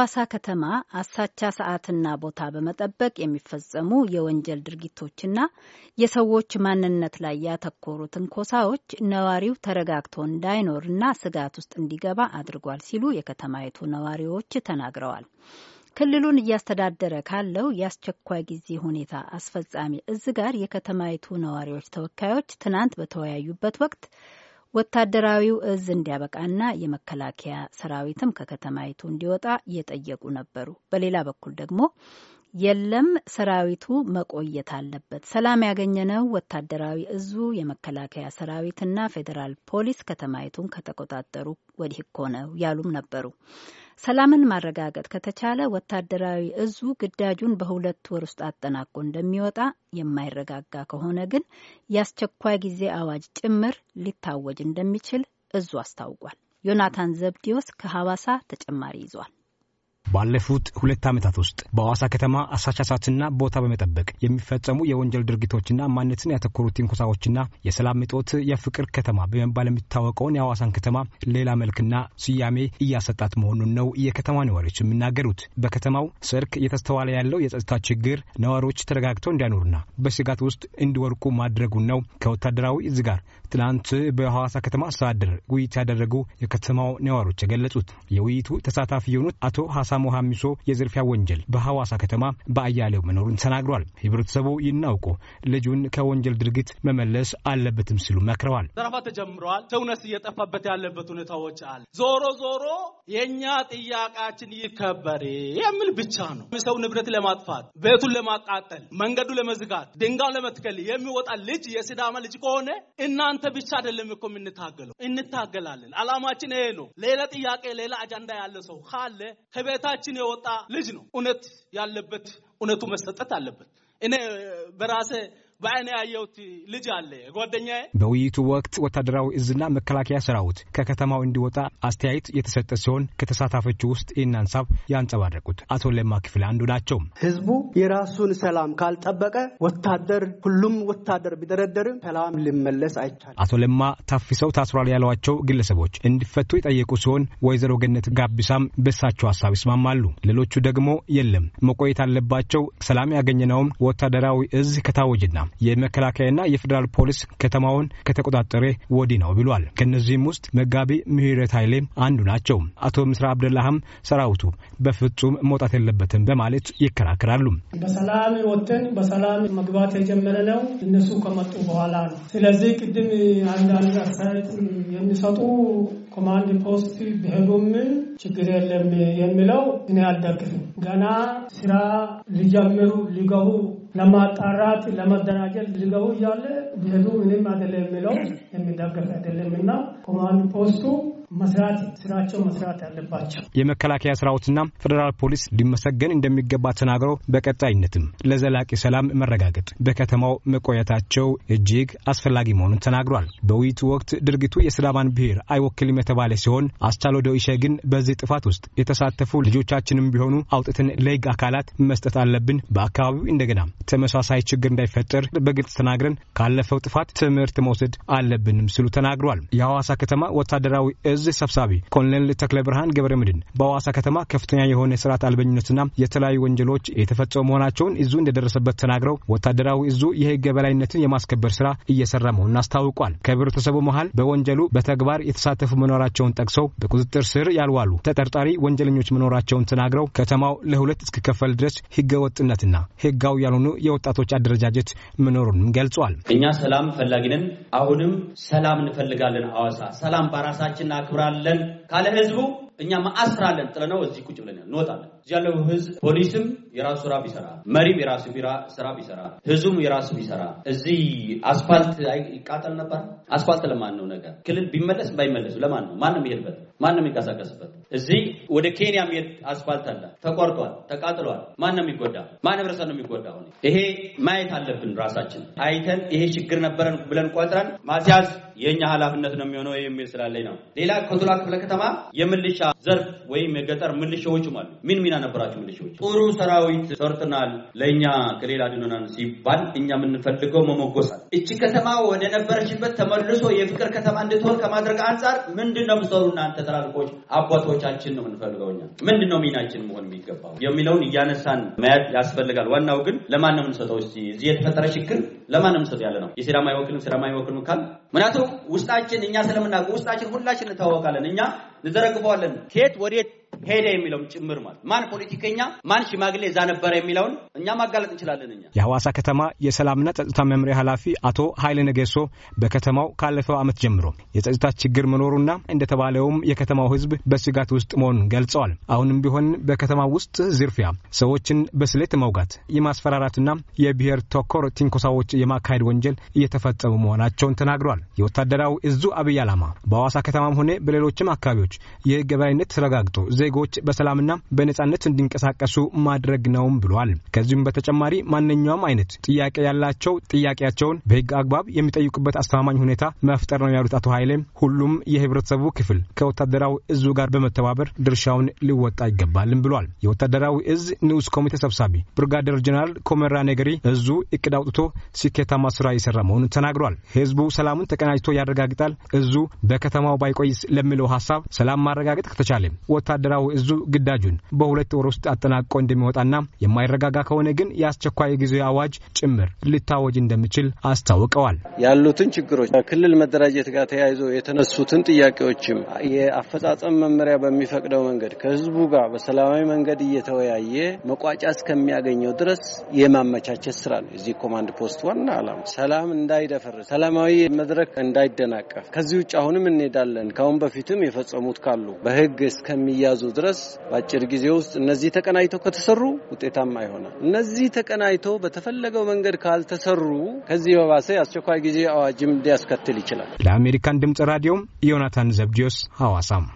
በሐዋሳ ከተማ አሳቻ ሰዓትና ቦታ በመጠበቅ የሚፈጸሙ የወንጀል ድርጊቶችና የሰዎች ማንነት ላይ ያተኮሩ ትንኮሳዎች ነዋሪው ተረጋግቶ እንዳይኖርና ስጋት ውስጥ እንዲገባ አድርጓል ሲሉ የከተማይቱ ነዋሪዎች ተናግረዋል። ክልሉን እያስተዳደረ ካለው የአስቸኳይ ጊዜ ሁኔታ አስፈጻሚ እዝ ጋር የከተማይቱ ነዋሪዎች ተወካዮች ትናንት በተወያዩበት ወቅት ወታደራዊው እዝ እንዲያበቃና የመከላከያ ሰራዊትም ከከተማይቱ እንዲወጣ እየጠየቁ ነበሩ። በሌላ በኩል ደግሞ የለም ሰራዊቱ መቆየት አለበት፣ ሰላም ያገኘነው ወታደራዊ እዙ የመከላከያ ሰራዊትና ፌዴራል ፖሊስ ከተማይቱን ከተቆጣጠሩ ወዲህ እኮ ነው ያሉም ነበሩ። ሰላምን ማረጋገጥ ከተቻለ ወታደራዊ እዙ ግዳጁን በሁለት ወር ውስጥ አጠናቆ እንደሚወጣ፣ የማይረጋጋ ከሆነ ግን የአስቸኳይ ጊዜ አዋጅ ጭምር ሊታወጅ እንደሚችል እዙ አስታውቋል። ዮናታን ዘብዲዮስ ከሐዋሳ ተጨማሪ ይዟል። ባለፉት ሁለት ዓመታት ውስጥ በሐዋሳ ከተማ አሳቻሳትና ቦታ በመጠበቅ የሚፈጸሙ የወንጀል ድርጊቶችና ማንነትን ያተኮሩ ትንኮሳዎችና የሰላም እጦት የፍቅር ከተማ በመባል የሚታወቀውን የሐዋሳን ከተማ ሌላ መልክና ስያሜ እያሰጣት መሆኑን ነው የከተማ ነዋሪዎች የሚናገሩት። በከተማው ስርክ እየተስተዋለ ያለው የጸጥታ ችግር ነዋሪዎች ተረጋግተው እንዲያኖሩና በስጋት ውስጥ እንዲወርቁ ማድረጉን ነው ከወታደራዊ እዝ ጋር ትናንት በሐዋሳ ከተማ አስተዳደር ውይይት ያደረጉ የከተማው ነዋሪዎች የገለጹት። የውይይቱ ተሳታፊ የሆኑት አቶ ካሳሞ ሀሚሶ የዝርፊያ ወንጀል በሐዋሳ ከተማ በአያሌው መኖሩን ተናግሯል። ህብረተሰቡ ይናውቁ ልጁን ከወንጀል ድርጊት መመለስ አለበትም ሲሉ መክረዋል። ዘረፋ ተጀምረዋል። ሰውነት እየጠፋበት ያለበት ሁኔታዎች አለ። ዞሮ ዞሮ የእኛ ጥያቄያችን ይከበር የሚል ብቻ ነው። ሰው ንብረት ለማጥፋት፣ ቤቱን ለማቃጠል፣ መንገዱ ለመዝጋት፣ ድንጋዩን ለመትከል የሚወጣ ልጅ የሲዳማ ልጅ ከሆነ እናንተ ብቻ አይደለም እኮ የምንታገለው፣ እንታገላለን። አላማችን ይሄ ነው። ሌላ ጥያቄ ሌላ አጀንዳ ያለ ሰው ካለ ከቤት ከቤታችን የወጣ ልጅ ነው። እውነት ያለበት እውነቱ መሰጠት አለበት። እኔ በራሴ በአይኔ ያየሁት ልጅ አለ ጓደኛዬ። በውይይቱ ወቅት ወታደራዊ እዝና መከላከያ ሰራዊት ከከተማው እንዲወጣ አስተያየት የተሰጠ ሲሆን ከተሳታፊዎቹ ውስጥ ይህን ሀሳብ ያንጸባረቁት አቶ ለማ ክፍል አንዱ ናቸው። ህዝቡ የራሱን ሰላም ካልጠበቀ ወታደር ሁሉም ወታደር ቢደረደርም ሰላም ሊመለስ አይቻልም። አቶ ለማ ታፍሰው ታስሯል ያሏቸው ግለሰቦች እንዲፈቱ የጠየቁ ሲሆን ወይዘሮ ገነት ጋቢሳም በሳቸው ሀሳብ ይስማማሉ። ሌሎቹ ደግሞ የለም መቆየት አለባቸው፣ ሰላም ያገኘነውም ወታደራዊ እዝ ከታወጅና የመከላከያና የፌዴራል ፖሊስ ከተማውን ከተቆጣጠረ ወዲህ ነው ብሏል። ከእነዚህም ውስጥ መጋቢ ምህረት ኃይሌ አንዱ ናቸው። አቶ ምስራ አብደላህም ሰራዊቱ በፍጹም መውጣት የለበትም በማለት ይከራከራሉ። በሰላም ወጥተን በሰላም መግባት የጀመረ ነው እነሱ ከመጡ በኋላ ነው። ስለዚህ ቅድም አንዳንድ አስተያየት የሚሰጡ ኮማንድ ፖስት ቢሄዱም ችግር የለም የሚለው እኔ አልደግፍም። ገና ስራ ሊጀምሩ ሊገቡ ለማጣራት ለመደራጀት ልገቡ እያለ ብሄዱ ምንም አይደለም የሚለው የሚደገፍ አይደለም እና ኮማንድ ፖስቱ መስራት ስራቸው መስራት ያለባቸው የመከላከያ ስራዎትና ፌዴራል ፖሊስ ሊመሰገን እንደሚገባ ተናግረው በቀጣይነትም ለዘላቂ ሰላም መረጋገጥ በከተማው መቆየታቸው እጅግ አስፈላጊ መሆኑን ተናግሯል። በውይይቱ ወቅት ድርጊቱ የሰላማን ብሔር አይወክልም የተባለ ሲሆን አስቻሎ ደኢሼ ግን በዚህ ጥፋት ውስጥ የተሳተፉ ልጆቻችንም ቢሆኑ አውጥተን ለህግ አካላት መስጠት አለብን። በአካባቢው እንደገና ተመሳሳይ ችግር እንዳይፈጠር በግልጽ ተናግረን ካለፈው ጥፋት ትምህርት መውሰድ አለብንም ሲሉ ተናግሯል። የሐዋሳ ከተማ ወታደራዊ እዝ እዝ ሰብሳቢ ኮሎኔል ተክለ ብርሃን ገብረ ምድን በሐዋሳ ከተማ ከፍተኛ የሆነ ስርዓት አልበኝነትና የተለያዩ ወንጀሎች የተፈጸሙ መሆናቸውን እዙ እንደደረሰበት ተናግረው ወታደራዊ እዙ የህግ የበላይነትን የማስከበር ስራ እየሰራ መሆኑን አስታውቋል። ከህብረተሰቡ መሀል በወንጀሉ በተግባር የተሳተፉ መኖራቸውን ጠቅሰው በቁጥጥር ስር ያልዋሉ ተጠርጣሪ ወንጀለኞች መኖራቸውን ተናግረው ከተማው ለሁለት እስክከፈል ድረስ ህገ ወጥነትና ህጋዊ ያልሆኑ የወጣቶች አደረጃጀት መኖሩንም ገልጿል። እኛ ሰላም ፈላጊ ነን። አሁንም ሰላም እንፈልጋለን። አዋሳ ሰላም በራሳችንና እናተኩራለን ካለ ህዝቡ እኛ ማአስራለን ጥለነው እዚህ ቁጭ ብለን እንወጣለን። እዚህ ያለው ህዝብ ፖሊስም የራሱ ስራ ቢሰራ፣ መሪም የራሱ ስራ ቢሰራ፣ ህዝቡም የራሱ ቢሰራ እዚህ አስፋልት ይቃጠል ነበር። አስፋልት ለማን ነው ነገር ክልል ቢመለስ ባይመለስ ለማን ነው? ማንም ነው ማንም ማን እዚህ ወደ ኬንያ የሚሄድ አስፋልት አለ፣ ተቆርጧል፣ ተቃጥሏል። ማን ነው የሚጎዳ? ማን ህብረተሰብ ነው የሚጎዳ? ሆነ ይሄ ማየት አለብን። ራሳችን አይተን ይሄ ችግር ነበረን ብለን ቆጥረን ማስያዝ የእኛ ኃላፊነት ነው የሚሆነው የሚል ስላለኝ ነው። ሌላ ከቱላ ክፍለ ከተማ የምልሻ ዘርፍ ወይም የገጠር ምልሻዎችም አሉ። ምን ሚና ነበራቸው ምልሻዎች? ጥሩ ሰራዊት ሰርተናል፣ ለእኛ ከሌላ ድኖናን ሲባል እኛ የምንፈልገው መሞጎሳል እቺ ከተማ ወደ ነበረችበት ተመልሶ የፍቅር ከተማ እንድትሆን ከማድረግ አንጻር ምንድን ነው ምሰሩ እናንተ ትላልቆች አባቶቻችን ነው የምንፈልገው እኛ ምንድን ነው ሚናችን መሆን የሚገባው የሚለውን እያነሳን መያዝ ያስፈልጋል። ዋናው ግን ለማን ነው የምንሰጠው? እስቲ እዚህ የተፈጠረ ችግር ለማን ነው የምንሰጠው ያለ ነው። የሲዳማ አይወክልም፣ ሲዳማ አይወክልም ካል ምክንያቱም ውስጣችን እኛ ስለምናውቅ ውስጣችን ሁላችን እንታወቃለን እኛ እንዘረግበዋለን። ከየት ወዴት ሄደ የሚለውን ጭምር ማለት ማን ፖለቲከኛ ማን ሽማግሌ እዛ ነበረ የሚለውን እኛ ማጋለጥ እንችላለን። እኛ የሐዋሳ ከተማ የሰላምና ጸጥታ መምሪያ ኃላፊ አቶ ኃይል ነገሶ በከተማው ካለፈው ዓመት ጀምሮ የጸጥታ ችግር መኖሩና እንደተባለውም የከተማው ሕዝብ በስጋት ውስጥ መሆኑን ገልጸዋል። አሁንም ቢሆን በከተማው ውስጥ ዝርፊያ፣ ሰዎችን በስለት መውጋት፣ የማስፈራራትና የብሔር ተኮር ትንኮሳዎች የማካሄድ ወንጀል እየተፈጸሙ መሆናቸውን ተናግሯል። የወታደራዊ እዙ አብይ ዓላማ በሐዋሳ ከተማም ሆነ በሌሎችም አካባቢዎች መብቶች የህግ የበላይነት ተረጋግጦ ዜጎች በሰላምና በነጻነት እንዲንቀሳቀሱ ማድረግ ነውም ብሏል። ከዚሁም በተጨማሪ ማንኛውም አይነት ጥያቄ ያላቸው ጥያቄያቸውን በህግ አግባብ የሚጠይቁበት አስተማማኝ ሁኔታ መፍጠር ነው ያሉት አቶ ኃይሌም ሁሉም የህብረተሰቡ ክፍል ከወታደራዊ እዙ ጋር በመተባበር ድርሻውን ሊወጣ ይገባልም ብሏል። የወታደራዊ እዝ ንዑስ ኮሚቴ ሰብሳቢ ብርጋዴር ጀነራል ኮመራ ነገሪ እዙ እቅድ አውጥቶ ስኬታማ ስራ የሰራ መሆኑን ተናግሯል። ህዝቡ ሰላሙን ተቀናጅቶ ያረጋግጣል፣ እዙ በከተማው ባይቆይስ ለሚለው ሀሳብ ሰላም ማረጋገጥ ከተቻለ ወታደራዊ እዙ ግዳጁን በሁለት ወር ውስጥ አጠናቆ እንደሚወጣና የማይረጋጋ ከሆነ ግን የአስቸኳይ ጊዜ አዋጅ ጭምር ሊታወጅ እንደሚችል አስታውቀዋል። ያሉትን ችግሮች ከክልል መደራጀት ጋር ተያይዞ የተነሱትን ጥያቄዎችም የአፈጻጸም መመሪያ በሚፈቅደው መንገድ ከህዝቡ ጋር በሰላማዊ መንገድ እየተወያየ መቋጫ እስከሚያገኘው ድረስ የማመቻቸት ስራ ነው እዚህ ኮማንድ ፖስት ዋና አላማ። ሰላም እንዳይደፈርስ፣ ሰላማዊ መድረክ እንዳይደናቀፍ ከዚህ ውጭ አሁንም እንሄዳለን ከአሁን በፊትም የፈጸሙ የፈጸሙት ካሉ በህግ እስከሚያዙ ድረስ በአጭር ጊዜ ውስጥ እነዚህ ተቀናይተው ከተሰሩ ውጤታማ ይሆናል። እነዚህ ተቀናይቶ በተፈለገው መንገድ ካልተሰሩ ከዚህ በባሰ የአስቸኳይ ጊዜ አዋጅም ሊያስከትል ይችላል። ለአሜሪካን ድምጽ ራዲዮም ዮናታን ዘብዲዮስ ሐዋሳም